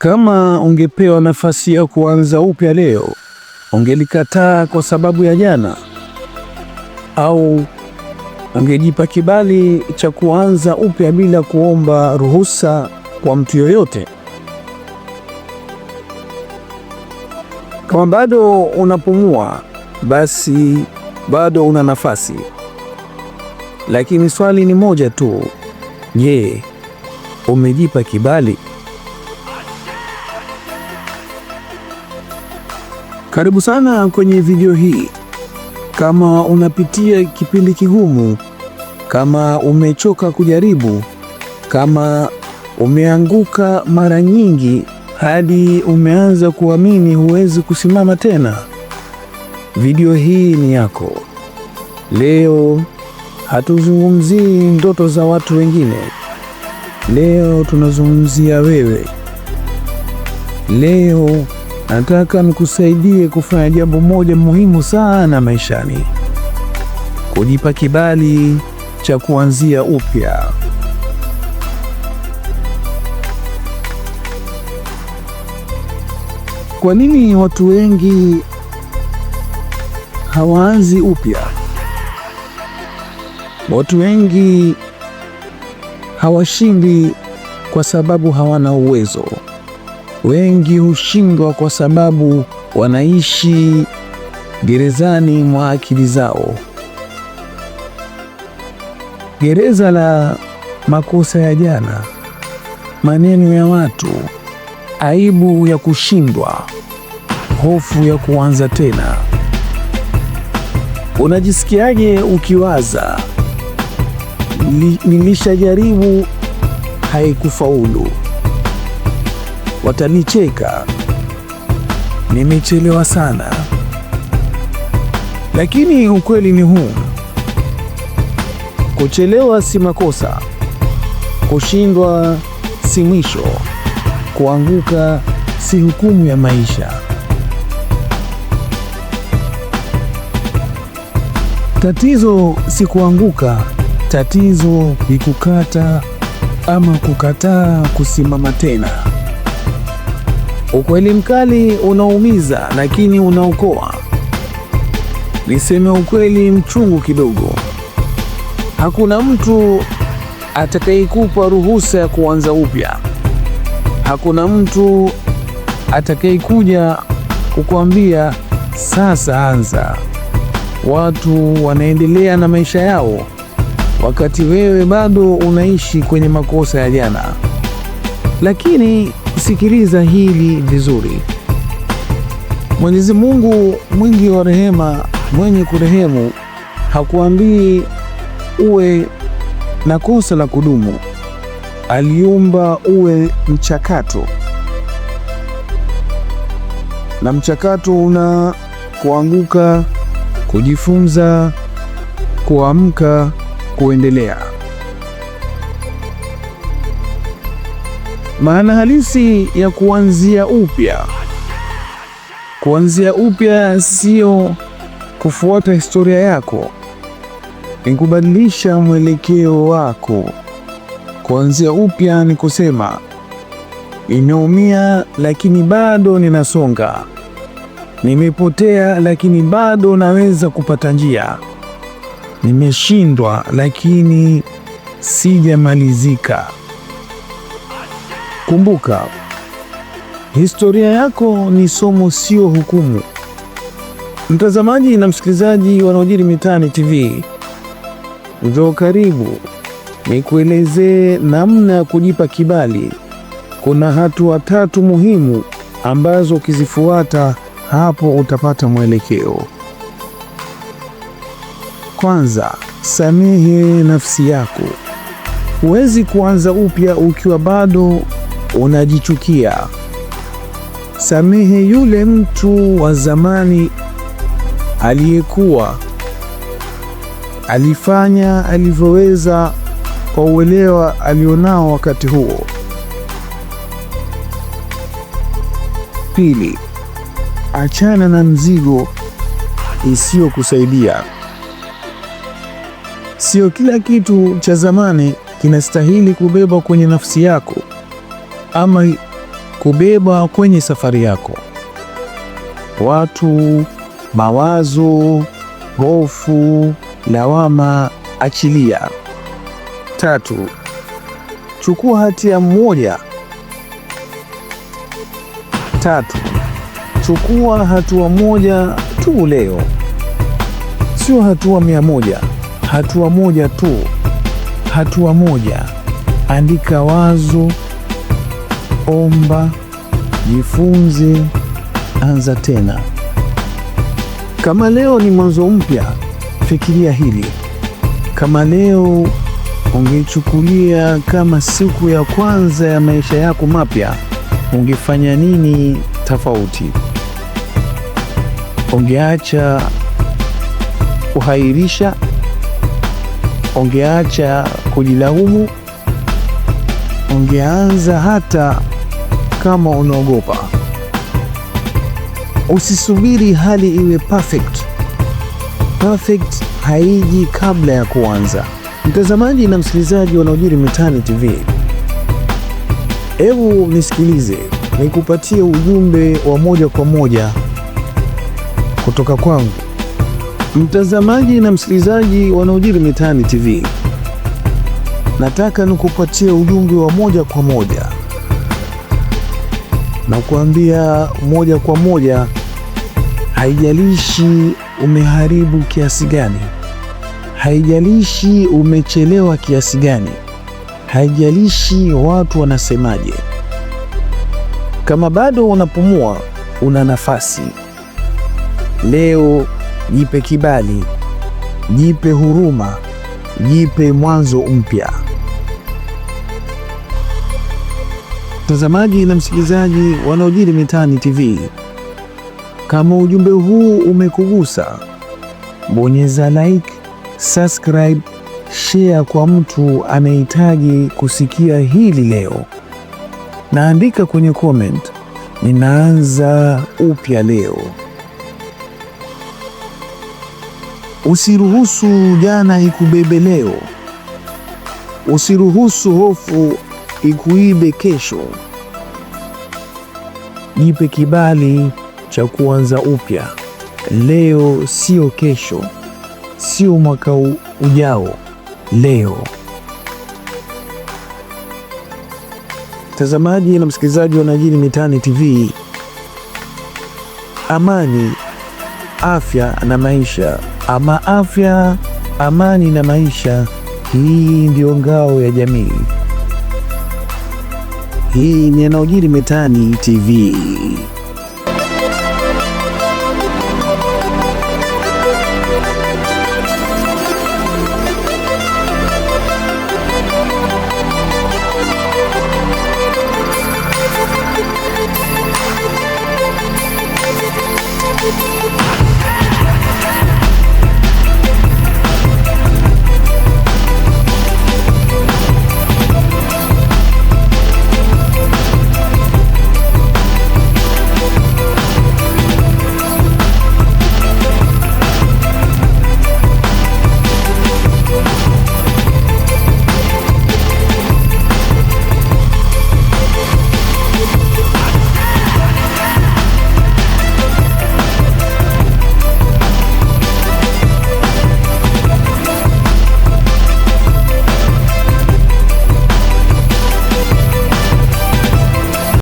Kama ungepewa nafasi ya kuanza upya leo, ungelikataa kwa sababu ya jana, au ungejipa kibali cha kuanza upya bila kuomba ruhusa kwa mtu yoyote? Kama bado unapumua, basi bado una nafasi. Lakini swali ni moja tu. Je, umejipa kibali? Karibu sana kwenye video hii. Kama unapitia kipindi kigumu, kama umechoka kujaribu, kama umeanguka mara nyingi hadi umeanza kuamini huwezi kusimama tena, video hii ni yako. Leo hatuzungumzii ndoto za watu wengine. Leo tunazungumzia wewe. Leo nataka nikusaidie kufanya jambo moja muhimu sana maishani, kujipa kibali cha kuanzia upya. Kwa nini watu wengi hawaanzi upya? Watu wengi hawashindi kwa sababu hawana uwezo wengi hushindwa kwa sababu wanaishi gerezani mwa akili zao. Gereza la makosa ya jana, maneno ya watu, aibu ya kushindwa, hofu ya kuanza tena. Unajisikiaje ukiwaza nilishajaribu haikufaulu? watanicheka, nimechelewa sana. Lakini ukweli ni huu, kuchelewa si makosa, kushindwa si mwisho, kuanguka si hukumu ya maisha. Tatizo si kuanguka, tatizo ni kukata ama kukataa kusimama tena. Ukweli mkali unaumiza, lakini unaokoa. Niseme ukweli mchungu kidogo, hakuna mtu atakayekupa ruhusa ya kuanza upya. Hakuna mtu atakayekuja kukuambia sasa anza. Watu wanaendelea na maisha yao wakati wewe bado unaishi kwenye makosa ya jana, lakini Sikiliza hili vizuri. Mwenyezi Mungu mwingi wa rehema, mwenye kurehemu, hakuambii uwe na kosa la kudumu. Aliumba uwe mchakato, na mchakato una kuanguka, kujifunza, kuamka, kuendelea. Maana halisi ya kuanzia upya. Kuanzia upya sio kufuata historia yako, ni kubadilisha mwelekeo wako. Kuanzia upya ni kusema nimeumia lakini bado ninasonga, nimepotea lakini bado naweza kupata njia, nimeshindwa lakini sijamalizika. Kumbuka, historia yako ni somo, sio hukumu. Mtazamaji na msikilizaji yanayojiri mitaani TV, njoo karibu nikuelezee namna ya kujipa kibali. Kuna hatua tatu muhimu ambazo ukizifuata hapo utapata mwelekeo. Kwanza, samehe nafsi yako. Huwezi kuanza upya ukiwa bado unajichukia. Samehe yule mtu wa zamani aliyekuwa alifanya alivyoweza kwa uelewa alionao wakati huo. Pili, achana na mzigo isiyokusaidia. Sio kila kitu cha zamani kinastahili kubebwa kwenye nafsi yako ama kubeba kwenye safari yako: watu, mawazo, hofu, lawama, achilia. Tatu, chukua hatia moja. Tatu, chukua hatua moja tu leo, sio hatua mia moja, hatua moja tu, hatua moja. Andika wazo omba, jifunze, anza tena. Kama leo ni mwanzo mpya, fikiria hili. Kama leo ungechukulia kama siku ya kwanza ya maisha yako mapya, ungefanya nini tofauti? Ungeacha kuhairisha? Ungeacha kujilaumu? Ungeanza hata kama unaogopa. Usisubiri hali iwe perfect. Perfect haiji kabla ya kuanza. Mtazamaji na msikilizaji wanaojiri mitaani TV, hebu nisikilize, nikupatie ujumbe wa moja kwa moja kutoka kwangu. Mtazamaji na msikilizaji wanaojiri mitaani TV, nataka nikupatie ujumbe wa moja kwa moja na kuambia moja kwa moja, haijalishi umeharibu kiasi gani, haijalishi umechelewa kiasi gani, haijalishi watu wanasemaje, kama bado unapumua, una nafasi. Leo jipe kibali, jipe huruma, jipe mwanzo mpya. mtazamaji na msikilizaji wanaojiri mitaani TV, kama ujumbe huu umekugusa, bonyeza like, subscribe, share kwa mtu anayehitaji kusikia hili leo, naandika kwenye comment ninaanza upya leo. Usiruhusu jana ikubebe leo. Usiruhusu hofu ikuibe kesho. Jipe kibali cha kuanza upya leo, sio kesho, sio mwaka ujao, leo. Mtazamaji na msikilizaji wa yanayojiri mitaani TV, amani, afya na maisha, ama afya, amani na maisha, hii ndiyo ngao ya jamii. Hii ni yanayojiri mitaani TV.